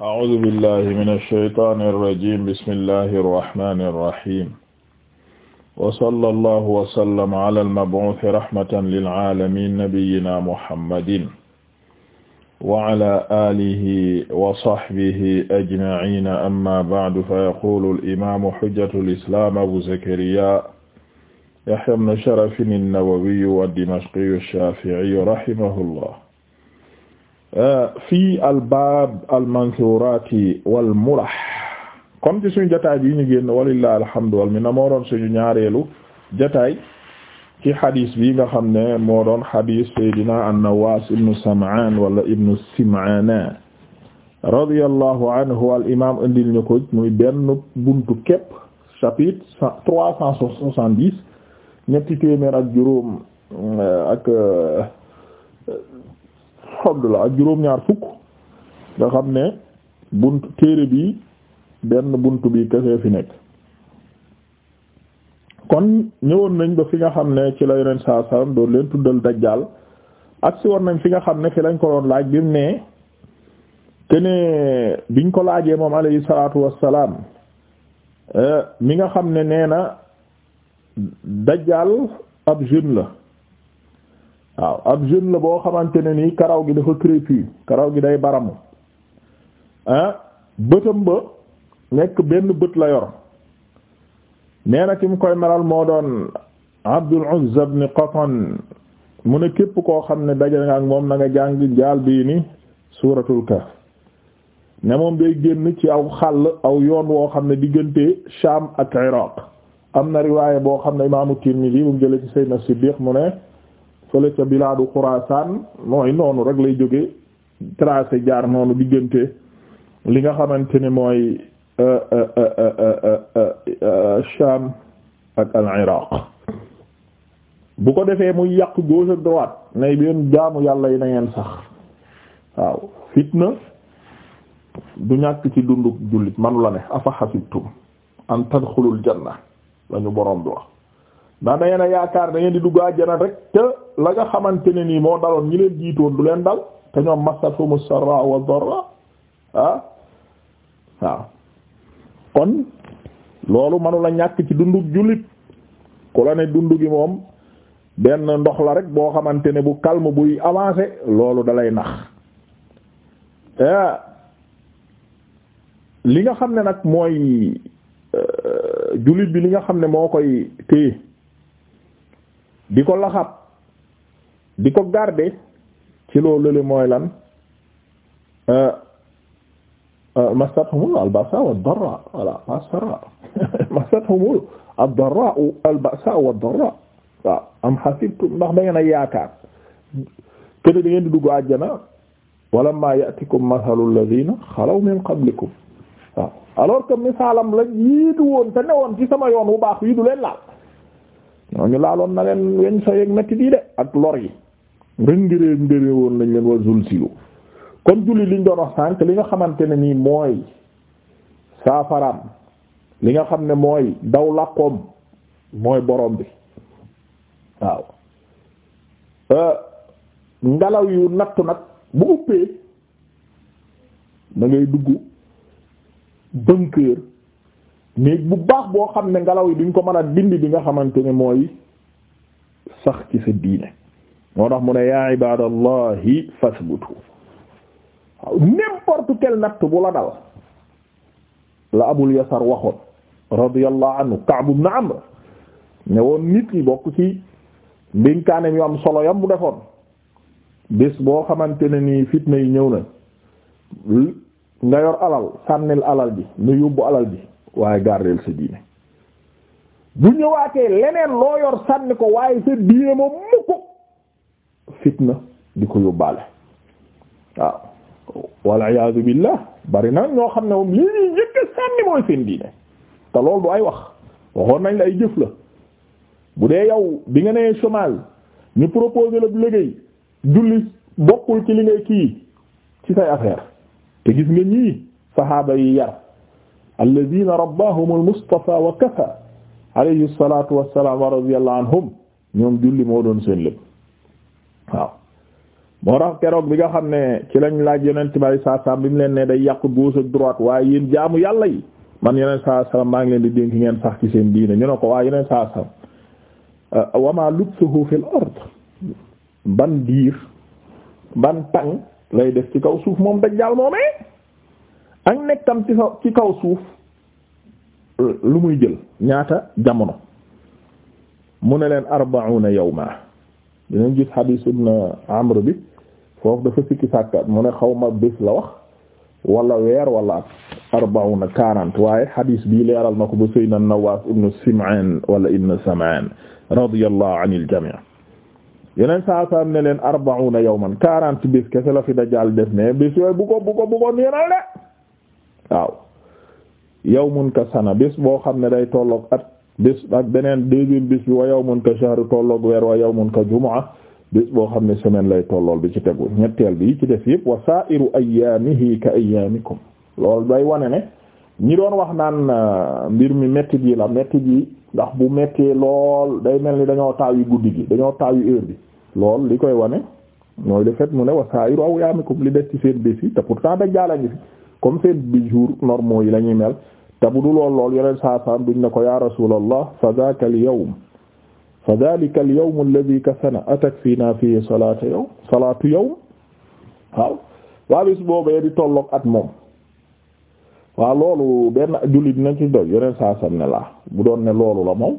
أعوذ بالله من الشيطان الرجيم بسم الله الرحمن الرحيم وصلى الله وسلم على المبعوث رحمة للعالمين نبينا محمد وعلى آله وصحبه أجمعين أما بعد فيقول الإمام حجة الإسلام أبو زكريا يحيى بن شرف النووي الدمشقي الشافعي رحمه الله fii albaab almansurati walmulah kon ci suñu jataay bi ñu génn walillahi alhamdu wal minna moo doon suñu ñaareelu jataay ci xadis bi nga xam ne moo doon xadis saydina annawaas ibnu sam'aan wala ibnu sim'aan radiyallahu anhu al indil ñu ko muy benn buntu képp chapitre trois cent soixante-dix ñetti téeméer ak juróom xodd ak juróom-ñaar fukk nga xam ne bunt téere bi benn bunt bi kese fi nekk kon ñëwoon nañ ba fi nga xam ne ci la yeneen saa salaam doon leen tuddal dajjaal ak si woon nañ fi nga xam ne fi lañ ko doon laaj bi mu ne te ne biñ ko laajee moom alayhi salaatu wassalaam eh, mi nga xam ne nee na dajjaal ab jeune la waaw ab jeune la boo xamante ne nii karaw gi dafa crépu karaw gi day baramu ah bëtam ba nekk benn bët la yor nee na ki mu koy melal moo doon Abdul Uzza ibn Qatan mu ne képp koo xam ne daje nga ak moom na nga jàng jaal bii ni suuratul ka ne moom day génn ci aw xàll aw yoon woo xam ne diggante Sham ak Iraq am na riwaaya boo xam ne imaamu Tirmidhi bu mu jëlee ci Sayyidina Siddiq mu ne fële ca bilaadu Xuraasaan mooy noonu rek lay jóge tracé jaar noonu diggante li nga xamante ne mooy euh, euh, euh, Sham ak al-Iraq bu ko defee muy yàq gauche droite nay benn jaamu yàlla yi na ngeen sax waaw fitna du ñàkk ci dundu jullit manu la ne afa hasibtum an tadxulul janna lañu boroom bi wax ndax da yaakaar da di dugg àjjana rek te la nga xamante ne nii moo daloon ñi leen jiitoon du leen dal te ñoom massatumu sarra wa darra ah waaw kon loolu manula ñàkk ci dundu jullit ku la ne dund moom benn ndox la rek boo xamante ne bu calme buy avancé loolu dalay nax ah. li nga xam ne nag mooy euh, jullit bi li nga xam ne moo koy téye di ko laxab di ko garder ci loolu le mooy lan euh, euh, masathumul albasa wa darra wala masara masathumul ad-darra albasa wa darra waaw am hasibtum ndax da ngeen a yaakaar kene da ngeen di dugg àjjana wala ma ya'tikum mathalu alladhina xalaw min qablikum waaw alors que te newoon ci sama yoon wu baax wi du leen laal ñooñu laaloon na leen weñ sa yeeg métti di de ak lor yi rëndëree ndëree woon lañ leen war zulzilu kon julli liñ doon wax sànq li nga xamante ne nii mooy saafaraam li nga xam ne mooy daw làqoom mooy borom bi waaw euh, ngelaw yu nattu nag bu uppee da ngay dugg bunker néeg bu baax boo xam ne ngelaw yi duñ ko mën a dindi bi nga xamante ne mooy sax ci sa diine moo tax mu ne yaa ibadallahi fasbutu waaw n'importe natt bu la dal la abul yasar waxoon radiyallahu anhu Ka'b ibn Amr ne woon nit yi bokk ci ndénkaanem yu am solo yam bu defoon bés boo xamante ne nii fitna yi ñëw na nga yor alal sànnil alal bi ñu yóbbu alal bi waaye gardeel sa diine bu ñëwaatee leneen loo yor sànni ko waaye sa diine ma mukk fitna di ko yóbbaale waaw walla iyaazu billaah bari na ñoo xam ne moom lii ñuy njëkk sànni mooy seen diine te loolu du ay wax waxoon nañ la ay jëf la bu dee yow bi nga nee chômage ñu proposé la bu liggéey julli bokkul ci li ngay kii ci say affaire te gis nga ñii saxaaba yi yar alladina rabbahum almustafa wa kafa alayhi salatu wassalam wa radiyallahu anhum ñoom julli moo doon seen lépp waaw moo tax keroog bi nga xam ne ci lañ laaj yonent bi saa saam bi mu leen ne day yàq gauche ak droite waaye yéen jaamu yàlla yi man yeneen saa maa ngi leen di dénk ngeen sax ci seen diine ñu ne ko waa yeneen saa salaam wama lubsuhu fil ard ban diir ban tàng lay def ci kaw suuf moom dajjaal moomee ak nekkam ci kaw ci kaw suuf lu muy jël ñaata jamono mu ne leen arba'una yawma dinañ gis hadis ibn amr bi foofu dafa sikki sàkka mu ne xawma ma bés la wax wala weer wala at arba'una quarante waaye hadis bii leeral na ko ba sayyidina nawaas ibn sim'an wala ibn sam'an radiyallahu anil jami' yeneen saa saa ne leen arba'una yawman quarante bés kese la fi dajaal def ne bés yooyu bu ko bu ko bu ko waaw yawmun ka sana bés boo xam ne day tollook at bis ak beneen deuxième bis bi wa yawmun ko shahr tolloog weer wa yawmun ka jumaa bis boo xam ne semaine lay tollool bi ci tegu ñetteel bi ci def yëpp wa sa'iru ayyaamihi ka ayyaamikum loolu day wane ne ñi doon wax naan na euh, mbir mi métti ji la métti ji ndax bu méttee lool day mel ni dañoo taaw yu guddi gi dañoo taaw yu heure bi lool li koy wane mooy le fait mu ne wa sa'iru ayyaamikum li des ci seen bés yi te pourtant comme seen bijoux normaux yi la ñuy mel te bu du lool lool yeneen saa saam duñ ne ko ya rasulallah fa dhaka al yawm fa dhalika al yawm alladhi kasana atakfina fihi salatu yawm salatu yawm waaw waa bis di tolloog at moom waaw loolu benn julli nañ ci doy yeneen saasa ne la bu doon ne loolu la moom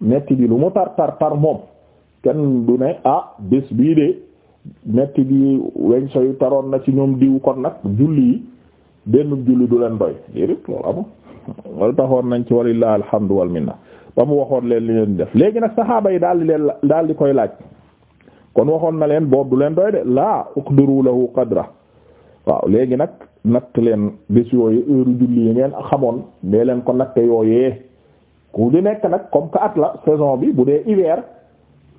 metti bi lu mu tar tar tar moom kenn du ne ah bés bii de metti bi weñ so yu na ci ñoom diw kon nag julli benn julli du leen doy déedéet loolu amul loolu taxoon nañ ci walillahi alhamdu wal minna ba mu waxoon leen li leen def léegi nag saxaaba yi daal di leen daal di koy laaj kon waxoon na leen boobu du leen doy de laa uqdiru lahu qadra waaw léegi nag natt leen bés yooyu heure julli yi ngeen xamoon dee leen ko nag natte yooyee ku di nekk nag comme que at la saison bi bu dee hiver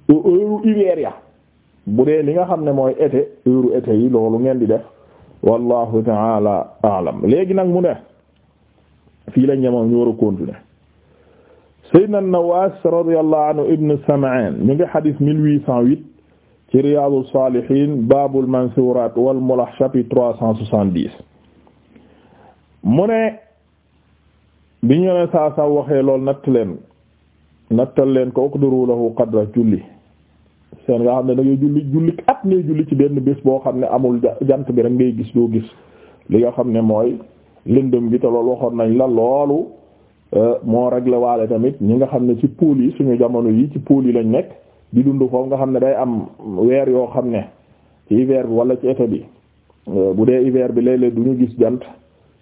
heure hiver ya bu dee li nga xam ne mooy été heure été yi loolu ngeen di def. wallahu taala alam léegi nag mu ne fii la ñemoom ñu war a continuer sayyidna an-Nawaas radiyallahu anhu ibn Sam'aan ñu ngi xadis 1808 ci Riyaadu Saalihiin baabul mansuuraat wal mulah chapitre 370 mu ne bi ñu ne saa saa waxee lool natt leen nattal leen ko uqdiru lahu qadra julli seen nga xam ne da ngay julli julli at ngay julli ci benn bés boo xam ne amul jant bi rek ngay gis doo gis li nga xam ne mooy lëndëm gi te waxoon nañ la loolu euh, moo réglé waale tamit ñi nga xam ne ci pôle yi suñu jamono yi ci pôle yi lañ nekk di dund foofu nga xam ne day am weer yoo xam ne ci hiver bi wala ci été bi euh, bu dee hiver bi léeg-léeg du ñu gis jant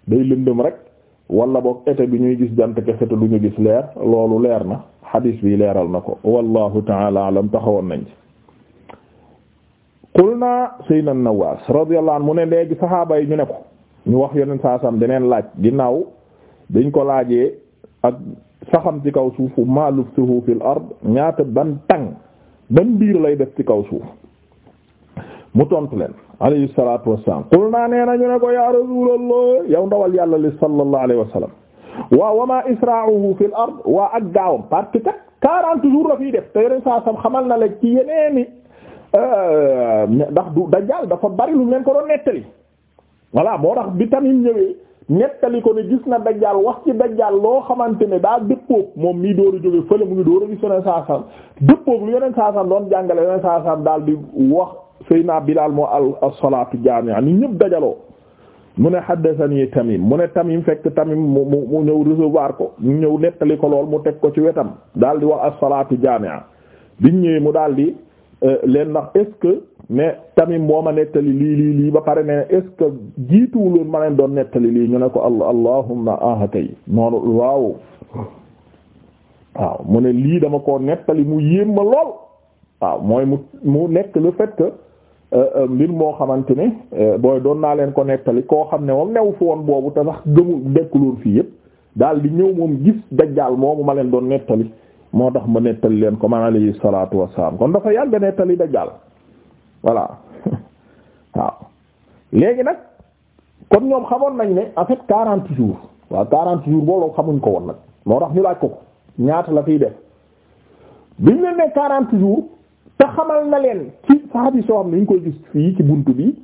day lëndëm rek wala boog été bi ñuy gis jant kese te duñu gis leer loolu leer na hadis bi leeral na ko wallahu taala alam taxawoon nañ ci qulna sayyidina Nawaas radiyallahu anhu mu ne léegi saxaaba yi ñu ne ko ñu wax yeneen saasam deneen laaj ginnaaw dañ ko laajee ak saxam ci kaw suuf ma luftuhu fil ard ñaata ban tàng ban biir lay def ci kaw suuf mu tontu leen alayhi salaatu wassalaam naa nee nañu ne ko ya rasuulallah yow ndawal yàlla li sallallahu alayhi wa sallam waaw wa ma isra'uhu fil ard waa ak gaawam parce que kat quarante jours la fiy def te yeneen saa xamal na la ci yeneeni euh, ndax du dajjaal dafa bari lu leen ko doon nettali voilà moo tax bi tamit ñëwee nettali ko ne gis na dajjaal wax ci dajjaal loo xamante ne daa dëppook moom mii door a jóge fële mu ngi door gis yeneen saa dëppook lu yeneen saa sam doon jàngale yeneen saa daal di wax. Seydina Bilal moo al as-salaatu jaami'a ni ñëpp dajaloo mu ne haddathani Tamim mu ne Tamim fekk Tamim mu mu mu ñëw recevoir ko ñëw nettali ko lool mu teg ko ci wetam dal di wax as-salaatu jaami'a biñ ñëwee mu daal di euh, leen ndax est mais Tamim moo ma nettali lii lii lii ba pare ne est-ce que ma leen doon nettali lii ñu ne ko allah allahumma ah kay waaw. mu ne lii dama ko nettali mu yéem ma lool waaw mooy mu mu nekk le fait Euh, euh, mbir moo xamante ne euh, booy doon naa leen ko nettali koo xam ne moom new fi woon boobu te sax gëmu dekkuloon fii yëpp daal di ñëw moom gis dajjaal moomu ma leen doon nettali moo tax ma nettali leen ko man alayhi salaatu wassalaam kon dafa yàgg nettali dajjaal voilà waaw léegi nag kon ñoom xamoon nañ ne en fait quarante jours waaw quarante jours boobu xamuñ ko woon nag moo tax ñu laaj ko ko ñaata la fiy def biñ leen ne quarante jours te xamal na saabi soo am ni ñu koy gis fii ci bunt bi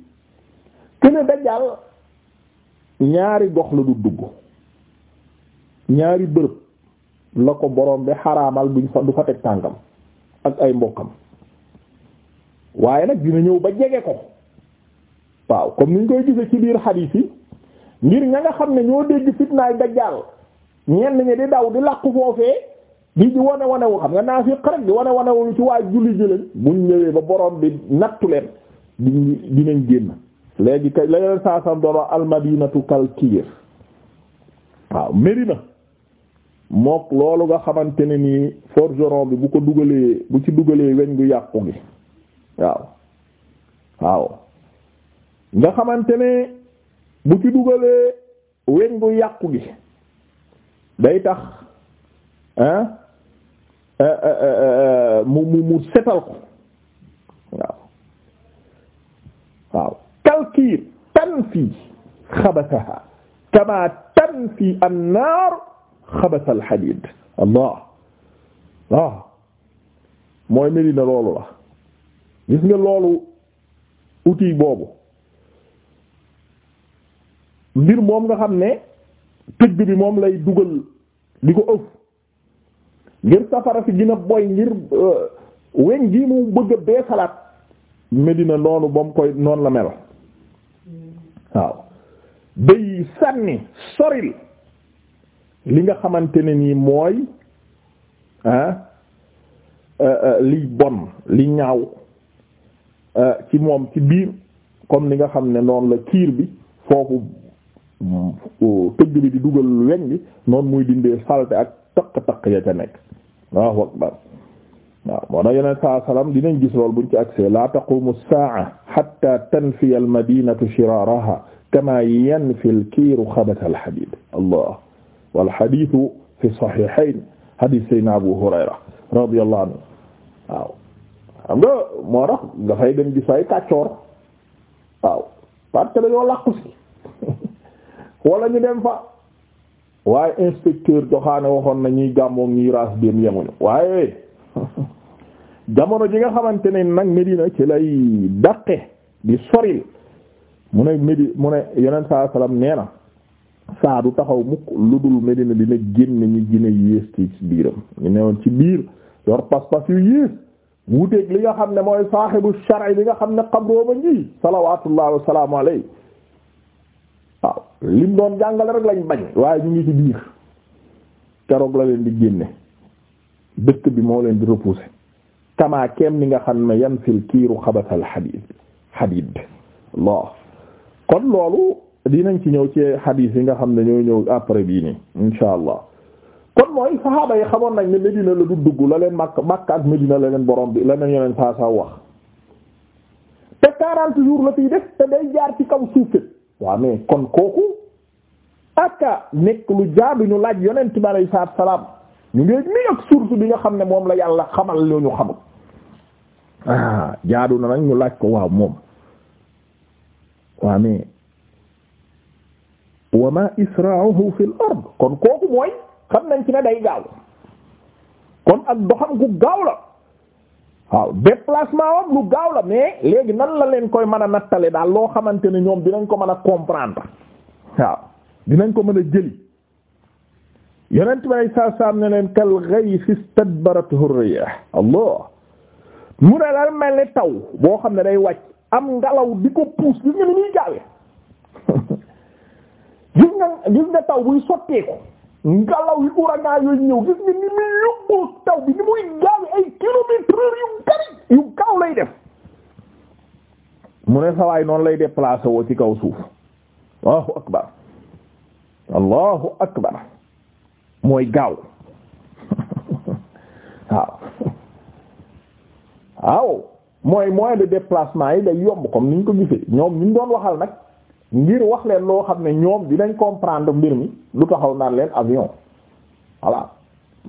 kën a dajal ñaari gox la du dugg ñaari bërëb la ko borom bi xaraamal duñ fa du fa teg tànkam ak ay mbokkam waaye nag dina ñëw ba jege ko waaw comme niñ koy gise ci biir xadiis yi ngir ña nga xam ne ñoo dégg fitnaay dajjaal ñenn ñi di daw di làqu foofee di di wane wane wu xam nga naa fi xarak di wane wane wu ci waa julli ji leen buñ ñëwee ba boroom bi nattu leen di dinañ génn léegi kay la leen saa sam doon wax almadinatu kal waaw Medina mook loolu nga xamante ne nii forgeron bi bu ko dugalee bu ci dugalee weñ gu yàqu gi waaw waaw nga xamante ne bu ci dugalee weñ gu yàqu gi day tax Euh, euh, euh, mu mu mu setal ko waaw waaw kalkiir tanfi xabasaha kama tanfi annaar xabasa alxadid allah mooy meli loolu la gis nga loolu outil boobu mbir moom nga xam ne tëgg bi moom lay dugal di ko ëf ngir safara si gën boy ngir euh, weñ gi mu bëgg a bee salaat Medina noonu ba mu koy noonu la mel waaw day sànni soril li nga xamante ne nii mooy ah euh, euh, liy bon li ñaaw ci moom ci biir comme li nga xam ne noonu la kiir bi foofu mm, tëgg bi di dugal weñ bi noonu muy dindee salte ak taq-taq ya ca nekk Allahu akbar waaw moo na yeneen saa salaam dinañ gis lool buñ ci agsee la taqumu as-sa'a hatta tanfiya al-madinatu shiraraha kama yanfi al-kiru khabatha al-hadid Allah wal hadithu fi as-sahihayn hadith sayyidina Abu Hurayra radiyallahu anhu waaw xam nga moo tax dafay dem gis ay kàccoor waaw parce que dañoo làqu si wala ñu dem fa waaye inspecteur joxaane waxoon na ñuy gàmmoom ñuy raas dem yemuñu waaye jamono ji nga xamante ne nag Medina ci lay daqe di soril mu ne Medi mu ne yeneen saa salaam nee na saa du taxaw mukk lu dul Medina dina génn ñi gën a yées ci biiram ñu newoon ci biir yor pas-pas yu yées wuteeg li nga xam ne mooy saaxibu shar'i bi nga xam ne xabrooma nji salawaatullahi wa salaamu alayhi waaw lim doon jàngale rek lañ bañ waaye ñu ngi ci biir keroog la leen di génne dëkk bi moo leen di repousser kamaa keem ni nga xam ne yan fil kiiru xabasal xadiid xadiid loo kon loolu dinañ ci ñëw ci xadiis yi nga xam ne ñoo ñëw après bii nii insha allah kon mooy saxaaba yi xamoon nañ ne la du dugg la leen màkk màkk ak Medina la leen borom bi la leen yeneen saa saa wax te 40 jours la fiy def te day jaar ci kaw suuf waaw mais kon kooku aka nekk lu jaabi ñu laaj yonent bi alayhi salaatu salaam ñu ngi nii ak source bi nga xam ne moom la yàlla xamal loo ñu xamul ah, jaadu na nag ñu laaj ko waaw moom waaw mais wa ma isra'uhu fil ard kon kooku mooy xam nañ ci ne day gaaw kon ak doxam gu gaaw la waaw déplacement wam lu gaaw la mais léegi nan la leen koy mën a nattale daal loo xamante ne ñoom dinañ ko mën a comprendre waaw dinañ ko mën a jëli yonent bi ay saa saam ne leen kal ghayth istadbaratuhu riyah allah mu ne daal mel taw boo xam ne day wàcc am ngelaw di ko puus gis nga ni muy gaawee gis nga gis nga taw buy sotteeku ngalaw yi ouragan yooyu ñëw gis nga ni muy yóbbu taw bi ni muy gaawe ay kilomètres yu bari yu gaaw lay def mu ne sawaay noonu lay déplacer woo ci kaw suuf allahu akbar allahu akbar mooy gaaw waaw waaw mooy moyen de déplacement yi day yomb comme ñu ko gisee ñoom ñu doon waxal nag ngir wax leen loo xam ne ñoom dinañ comprendre mbir mi lu taxaw naan leen avion voilà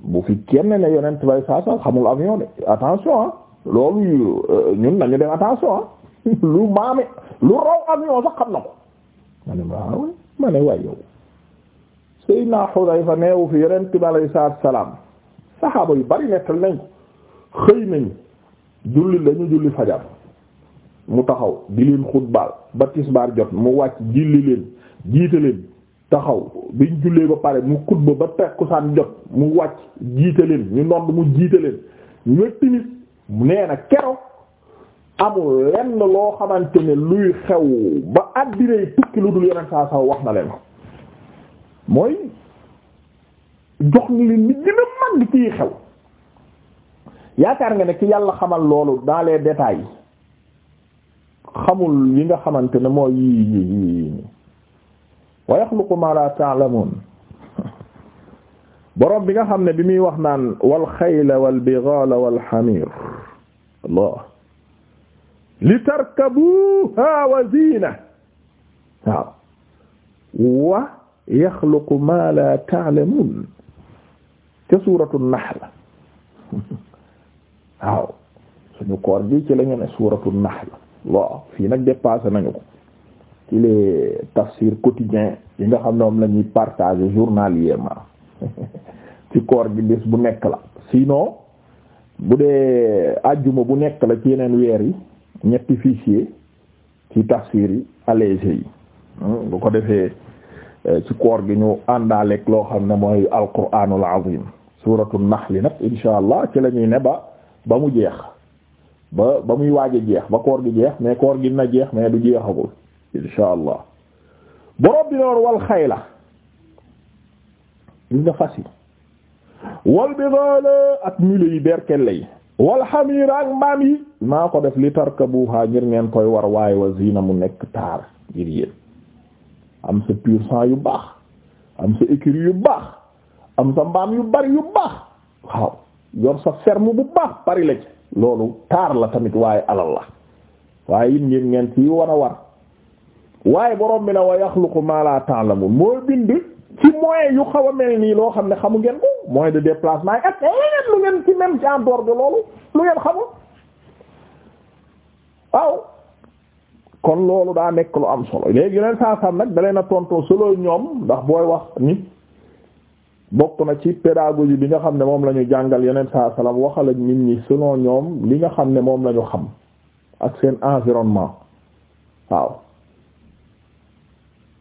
bu fi kenn ne yonent bay saa saa xamul avion de attention ah loolu euh, ñun nañu dem attention ah. lu maame lu raw avion sax xam na ko ma ne waaw ah ma ne waay yow neewu fi yonent bi alayhi salaam saxaaba yu bari nettal nañ ko xëy nañ julli lañu julli fajar mu taxaw di leen xutbaal ba tisbaar jot mu wàcc jilli leen jiite leen taxaw biñ jullee ba pare mu xutba ba takkusaan jot mu wàcc jiite leen ñu nodd mu jiite leen ñu timit nee na amul lenn loo xamante ne luy xew ba àddinay tukki lu dul yeneen saa saa wax na leen ko mooy jox ni leen ni gën a mag ciy xew yaakaar nga ne ki yàlla xamal loolu dans les xamul yi nga xamante ne mooy yii yii yii wa yaxluqu ma la ta'lamun borom bi nga xam ne bi muy wax naan wal xayla wal bighala wal hamir Allah li tarkabuha wa zina waaw wa yaxluqu ma la ta'lamun ca suuratu nahl waaw suñu koor bi ci lañu ne suuratu nahl waaw fii nag dépassé nañu ko ci les tafsir quotidien yi nga xam ne moom la ñuy partager journalièrement ci koor gi bés bu nekk la sinon bu dee ajjuma bu nekk la ci yeneen weer yi ñetti fichier ci tafsir yi allégé yi hmm, bu ko defee eh, ci koor gi ñu àndaaleeg loo xam ne mooy alquranul azim nax li nag insha allah ci la ñuy ne ba ba mu jeex ba ba muy waaj jeex ba koor gi jeex mais koor gi na jeex mais du jeexagul insha allah borom bi noonu wal xayla yu nga fas yi wal bigaala ak mule yi berkelle yi wal xamiira ak mbaam yi maa ko def li tark tarkabuha ngir ngeen koy war waaye wa zina mu nekk taar ngir am sa pur sang yu baax am sa écurie yu baax am sa mbaam yu bari yu baax waaw yor sa ferme bu baax bari la loolu taar la tamit waaye alal la waaye it ngeen ngeen ci war a war waaye boroom bi na wa ko ma la ta'lamun mooy bind ci moyens yu xaw a mel nii loo xam ne xamu ngeen ko moyen de déplacement yi ak leneen lu ngeen ci même ci en dehors loolu lu ngeen xamul waaw kon loolu daa nekk lu am solo léegi yeneen saa sam nag da na a tontoo solo ñoom ndax booy wax nit bokk na ci pédagogie li nga xam ne moom la ñu jàngal yeneen saa salaam waxal ak nit ñi selon ñoom li nga xam ne moom la ñu xam ak seen environnement waaw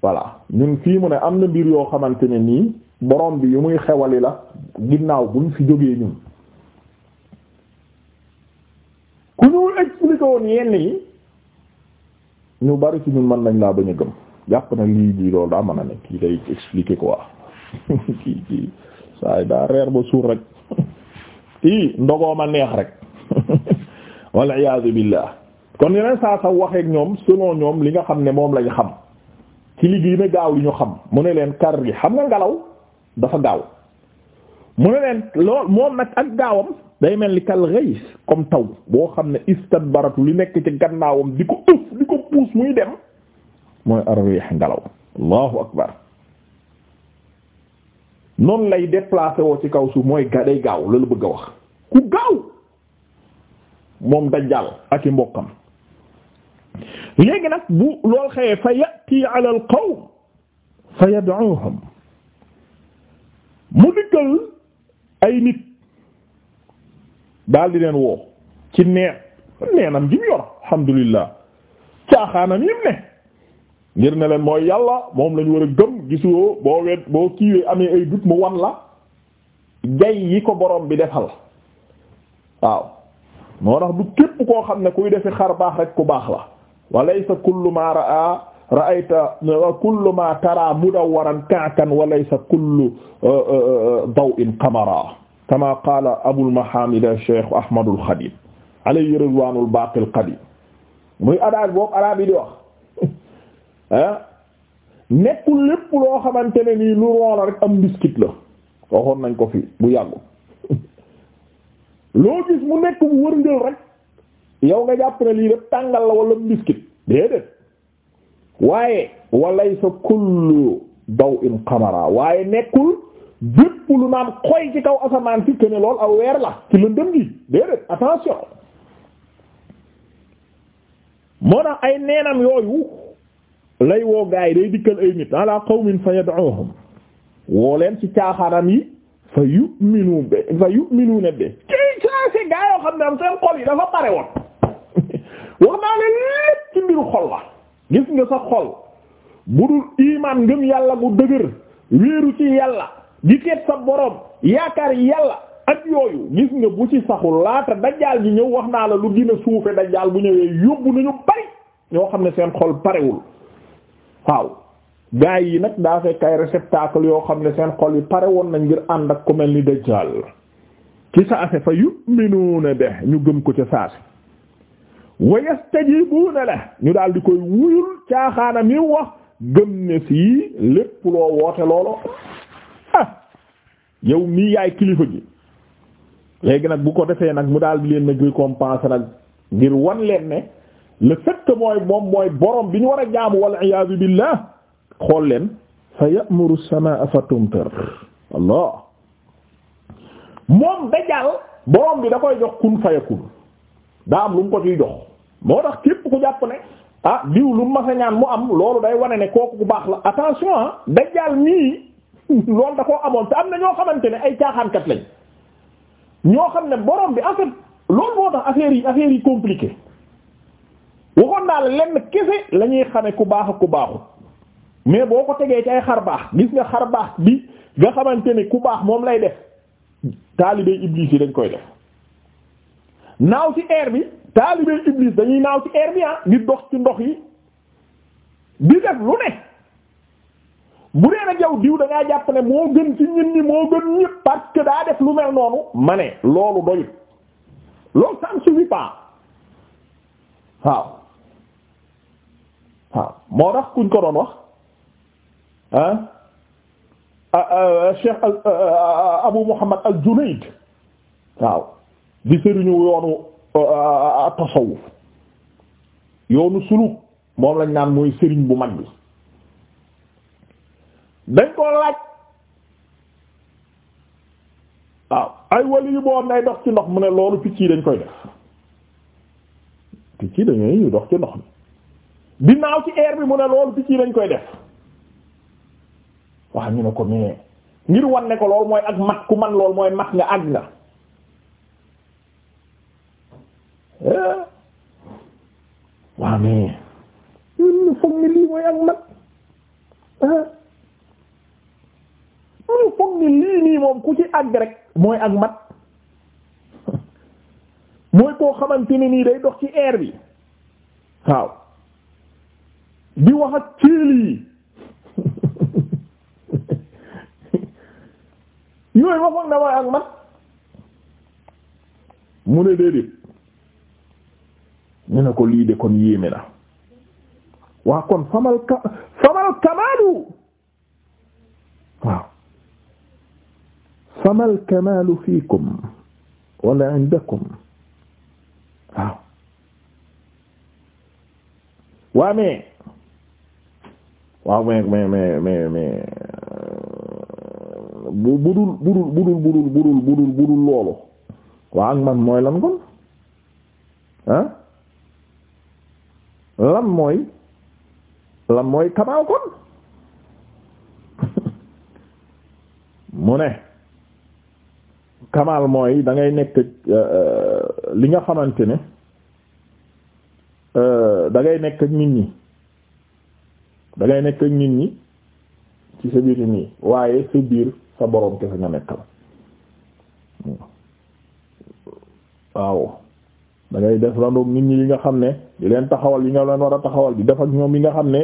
voilà ñun fii mu ne am na mbir yoo xamante ne nii borom bi yu muy xewali la ginnaaw buñ fi jógee ñun ku ñu expliqué woon yenn yi ñu bari ci ñun mën nañ laa bañ a gëm jàpp na lii lii loolu daa mën a nekk kii day expliqué quoi. kii kii saa yi daa reer ba suur rek kii ndogooma neex rek wal iyaadu billah kon yeneen saa sa waxeek ñoom selon ñoom li nga xam ne moom lañ xam ci liggéey na gaaw li ñu xam mu ne leen kar gi xam nga ngelaw dafa gaaw mu ne leen lool moom nag ak gaawam day mel ni kal ghays comme taw boo xam ne istadbaratu li nekk ci gannaawam di ko ëf di ko puus muy dem mooy ar-rih ngelaw allahu akbar noonu lay déplacé woo ci kaw suuf mooy ga day gaaw la la bëgg a wax ku gaaw moom dajjal ak i mbokkam léegi nag bu lool xëyee fa yati ala al qawm fa yad'uhum mu dikkal ay nit daal di leen woo ci nee neenam gi mu yor alhamdulillah caaxaanam yim ne ngir ne leen mooy yàlla moom lañu war a gëm gisoo boo boo kiiwee amee ay dut mu wan la jay yi ko borom bi defal waaw moo tax du képp koo xam ne kuy defi xar baax rek ku baax la walaysa kullu ma raa ra'ayta kullu ma tara mudawwaran ka'kan walaysa kullu uh, uh, uh, daw'in qamara kama qala abul mahamid cheikh ahmadul khadim alayhi ridwanul baqil qadim muy adage boobu arab wax ah nekkul lépp loo xamante ne nii lu ron rek am biscuit la waxoon nañ ko fi bu yàggu loo gis mu nekk bu wërngël rek yow nga jàpp na lii rek tàngal la wala biscuit déedéet waaye walaysa kullu daw'in qamara waaye nekkul bépp lu naan xoy ci kaw asamaan si kene lool aw la ci lëndëm gi déedéet attention moo tax ay neenam yooyu lay woo gaa yi day dikkal ay nit ala qawmin fa yad'uhum woo leen ci caaxaanam yi fa yu'minu be fa yu'minuna be kii caase gaa yoo xam ne am seen xol yi dafa pare woon wax naa leen lépp ci mbiru xol la gis nga sa xol bu dul imaan ngëm yàlla gu dëgër wéeru ci yàlla di teet sa borom yaakaar yàlla ak yooyu gis nga bu ci saxul laata dajjaal gi ñëw wax naa la lu gën a suufe dajjaal bu ñëwee yóbbu nañu bari ñoo xam ne seen xol parewul waaw gaa yi nag daa fekk ay réceptacle yoo xam ne seen xol yi pare woon na ngir ànd ak ku mel ni dajjal ci saase fa yu'minuuna be ñu gëm ko ca saase wa yastajibuuna la ñu daal di koy wuyul caaxaana mi wax gëm ne sii lépp loo woote loolo ah yow mii yaay kilifa gi léegi nag bu ko defee nag mu daal di leen nag récompense nag ngir wan leen ne le fait que mooy moom mooy borom bi ñu war a jaamu wal iyaazu billah xool leen fa ya'muru samaa fa tumtir allah moom dajal borom bi da koy jox kun fayakun daa am lu mu ko ciy jox moo tax képp ku jàpp ne ah diw lu ma sa ñaan mu am loolu day wane ne kooku ku baax la attention ah dajal nii loolu da koo amoon te am na ñoo xamante ne ay caaxaankat lañ ñoo xam ne borom bi en fait loolu moo tax affaire yi compliqué waxoon naa la lenn kese la xame ku baax ak ku baaxu mais boo ko tegee ci ay xar baax gis nga xar baax bi nga xamante ne ku baax moom lay def taalibey iblis yi dañ koy def naaw ci air bi taalibey iblis dañuy naaw ci air bi ah di dox ci ndox yi di def lu ne bu dee nag yow diw da jàpp ne moo gën ci ñun ñi moo gën ñëpp parce que daa def lu mel noonu ma ne loolu doyut loolu ça ne suffit pas waaw waaw moo tax kuñ ko doon wax ah, ah, ah Cheikh ah, Abu Muhammad al-Junayd waaw di sëriñu yoonu tasawuf yoonu suluk moom lañ naan mooy sëriñ bu mag bi dañ ko laaj waaw ay wali boo am nay dox ci ndox mu ne loolu picc yi dañ koy def picc yi dañuy dox ci ndox dinaaw ci air bi mu ne loolu picc yi lañ koy def waaw ñu ne ko mais ngir wan ne ko loolu mooy ak mat ku man loolu mooy ni eh? ak mat eh? ñu foog ni lii nii moom ku ci àgg rek mooy ak mat mooy koo xamante ne nii day dox ci air bi waaw di wax ak ciili yi yooyu ma foog ne mooy ak man mu ne déedéet ñu ne ko lii de kon yéeme na waa kon famal ka famal kamaalu waaw famal kamaalu fiikum wala indakum waame waaw mais mais mais mais mais bu budul budul budul budul budul budul budul loolu waa ak man mooy lan kon ah lan mooy lan mooy kamaaw kon mu ne kamaal mooy da ngay nekk euh, euh, li nga xamante ne euh, da ngay nekk nit ñi da ngay nekk ak nit ñi ci sa biir nii waaye sa biir sa boroom kese nga nekkal waaw da ngay def nit ñi li nga xam ne di leen taxawal yi a taxawal di def ak ñoom yi nga xam ne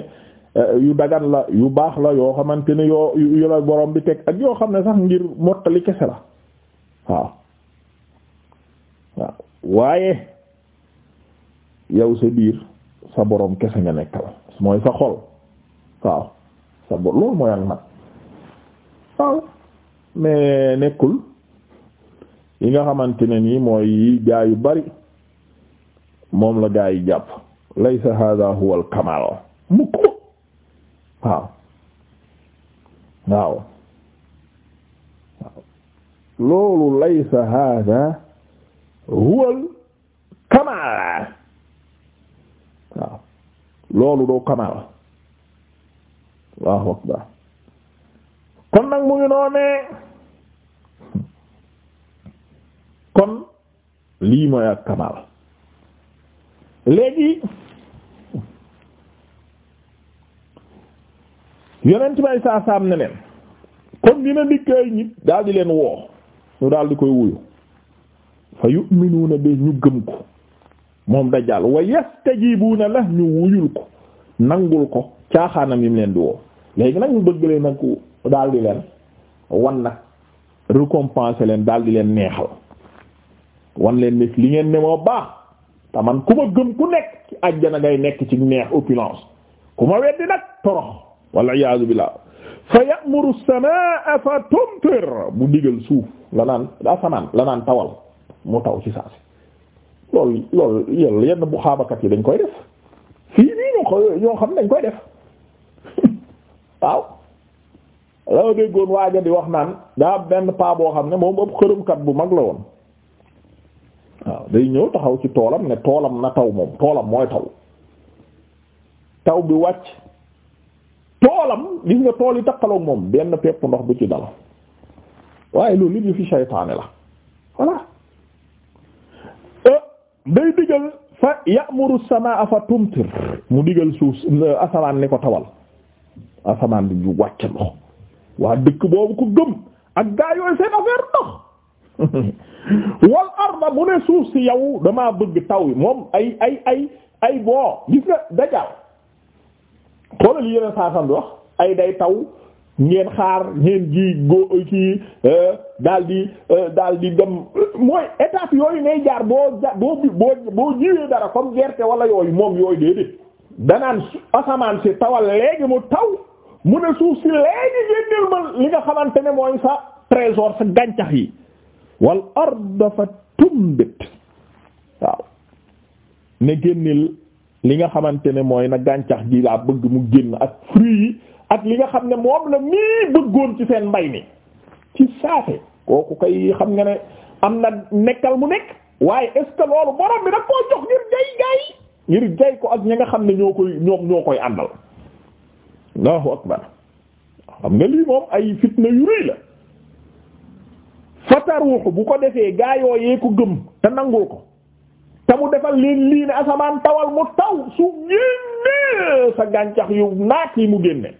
eh, yu dagan la yu baax la yoo xamante ne yoo boroom bi teg ak yoo xam ne sax ngir mottali kese la waaw yow sa biir sa boroom kese nga nekkal mooy sa xol waaw sa bo loolu mooy ak mat waaw mais nekkul yi nga xamante ne nii mooy yi gaa yu bari moom la gaa yu jàpp laysa hadha huwa al kamal mukk waaw waaw loolu laysa hadha huwa al kamal waaw loolu doo kamal Allahu akbar kon nag mu ngi noonee kon lii mooy ak kamal léegi yonent bay saa saam ne leen kon dina dikk ay nit daal di leen woo ñu daal di koy wuyu fa yu'minuuna bi ñu gëm ko moom dajjal wa yastajibuuna la ñu wuyul ko nangul ko caaxaanam yi mu leen di woo léegi nag ñu bëgg leen nag daal di leen wan nag récompenser leen daal di leen neexal wan leen nit li ngeen ne moo baax te man ku ma gëm ku nekk ci àjjana ngay nekk ci neex opulence ku ma weddi nag torox walla iyaazu billaah fa ya'muru as-samaa fa tumtir bu digal suuf la naan asamaan la naan tawal mu taw ci saa si loolu loolu yenn bu xaabakat yi dañ koy def fii nii ñoo xam dañ koy def waaw la déggoon waaja di wax naan daa benn paa boo xam ne moom ab xërëmkat bu mag la woon waaw day ñëw taxaw ci toolam ne toolam na taw moom toolam mooy taw taw bi wàcc toolam gis nga tool yi takkaloog moom benn pepp ndox bu ci dal waaye loolu li ñu fi saytaane la voilà day digal fa ya'muru as-samaa'a fa tumtir mu digal suuf asamaan ni ko tawal asamaan bi ñu wàcc loxo waa dëkk boobu ko gëm ak gaa yooyu seen affaire ndox wal arda mu ne suuf si yow damaa bëgg taw yi moom ay ay ay ay boo gis nga dajal xoolal yi yeneen saa bi wax ay day taw ngeen xaar ngeen gi go kii euh, daal di euh, daal di dem mooy étape yooyu ngay jaar boo ja boo boo jiwee dara comme gerte wala yooyu moom yooyu déedéet danaan asamaan si tawal léegi mu taw. mu ne suuf si léegi génneel ma li nga xamante ne mooy sa trésor sa gàncax yi wal arda fa tumbit waaw ne génneel li nga xamante ne mooy na gàncax gi laa bëgg mu génn ak fruit yi ak li nga xam ne moom la mii bëggoon ci seen mbay mi ci saate kooku kay xam nga ne am na nekkal mu nekk waaye est ce que loolu borom bi da koo jox ngir jay gaay ngir jay ko ak ñi nga xam ne ñoo koy ñoo koy àndal Allahu akbar xam nga lii moom ay fitna yu rëy la fataruuxu bu ko defee gaa yee ko gëm te nangul ko te mu defal leen lii ne asamaan tawal mu taw su génnee sa gàncax yu naat yi mu génne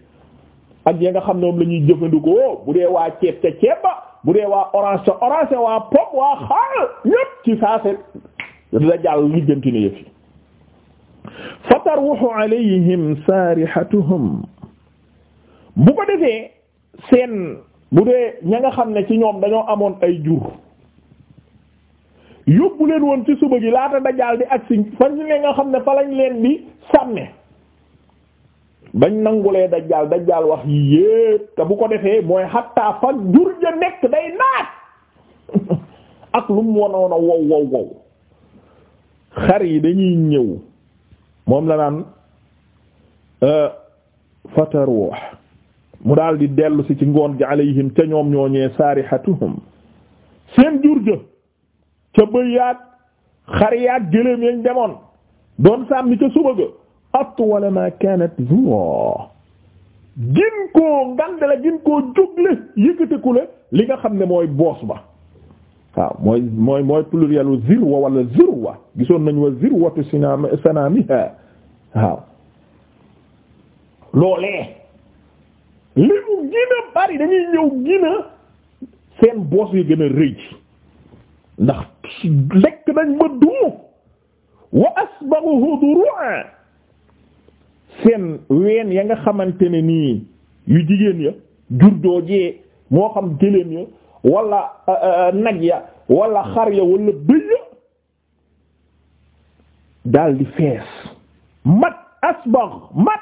ak ya nga xam ne moom lañuy jëfandikoo bu dee waa ceeb ca ceeb ba bu dee waa orange ca orange waa pom waa xaal ñépp ci saase la jàll lijjanti na yëf yi fataruuxu alayhim saarihatuhum bu ko defee seen bu dee ña nga xam ne ci ñoom dañoo amoon ay jur yóbbu leen woon ci suba gi laata dajaal di agsi fan ñi nga xam ne fa lañ leen di sànne bañ nangulee dajaal dajaal wax yii yépp te bu ko defee mooy xattaa fa jur ja nekk day naat ak lu mu wanoon wow wow wow xar yi dañuy ñëw moom la naan euh, fataruux mu daal di dellusi ci ngoon gi alayhim ca ñoom ñooñee saarihatuhum seen jur jë ca bëyaat xar yaat gëléem yañ demoon doon sàmmi ca suba ga atwala ma kanat zuwa gin koo ngand la gin koo jógle yëkkatiku la li nga xam ne mooy boos ba waaw mooy mooy plurielu zirwa wala zirwa gisoon nañ wa zirwatu sinaam sanaamiha loolee li mu gën a bari dañuy ñëw gën a seen boos yi gën a rëy ndax lekk nañ ma dumu wa asbaghu duru'a seen ween ya nga xamante ne nii yu jigéen ya jur joojee moo xam gëléem ya wala nag ya wala xar ya wala bëy ya daal fees mat asbagh mat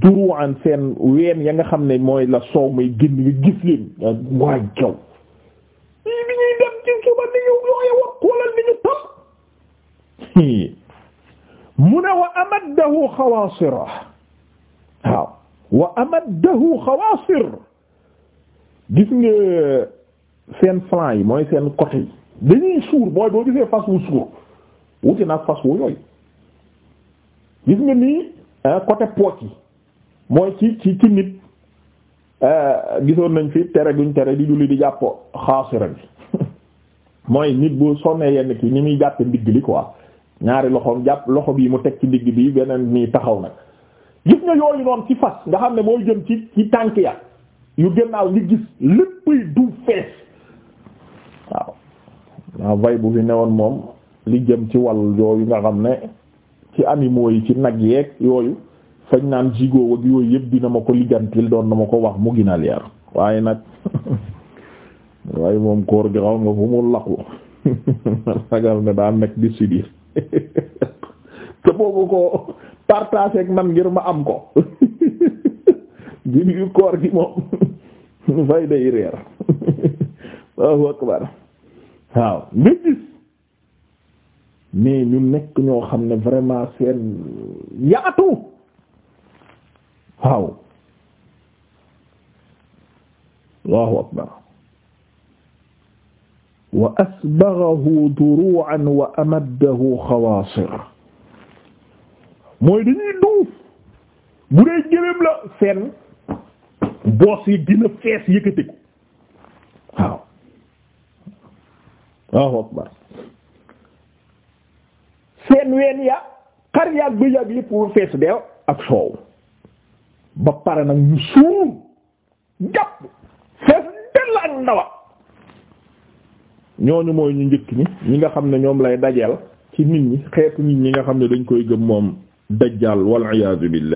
duruan seen ween ya nga xam ne mooy la soow may génn nga gis leen waa jaw mu ne wa amaddahu xawaasira waaw wa amaddahu xawaasir gis nga seen flanc yi mooy seen côté yi dañuy suur mooy boo gisee fas wu suur wuti nag fas wu yooyu gis nga nii ah, côté poot mooy ci ci ci nit euh, gisoon nañ fi tere guñ tere di julli di jàppoo xaasira bi mooy nit bu sonnee yenn ki ni muy jàpp ndigg li quoi ñaari loxoom jàpp loxo bii mu teg ci ndigg bi beneen nii taxaw nag gis nga yooyu noonu ci fas nga xam ne mooy jëm ci tànk ya yu gannaaw li gis léppay du fees waaw waaw vay bu fi newoon moom li jëm ci wàll yooyu nga xam ne ci animaux yi ci nag yeeg yooyu fañ naan jigoo wag yooyu yëpp dina ma ko liggantil doon na ma ko wax mu gina leer waaye nag waaye moom koor gi xaw nga fu mu laqu ragal ne daa nekk di sidir te boobu ko partagé man ngir ma am ko jir yu gi moom fay day reer waaw akbar waaw nga gis ñu nekk ñoo xam ne vraiment seen yaatu waaw allahu akbar wa asbaghahu duru'an wa amaddahu xawaasir mooy dañuy duuf bu dee jëlem la seen boos yi gën a fees yëkkatiku waaw allahu akbar seen ween ya xar yaag bëjag yëpp fees deew ak soow ba pare nag ñu suum jàpp fees dell ak ndawa ñooñu mooy ñu njëkk ñi ñi nga xam ne ñoom lay dajeel ci nit ñi xeetu nit ñi nga xam ne dañ koy gëm moom dajjaal wal iyaazu billah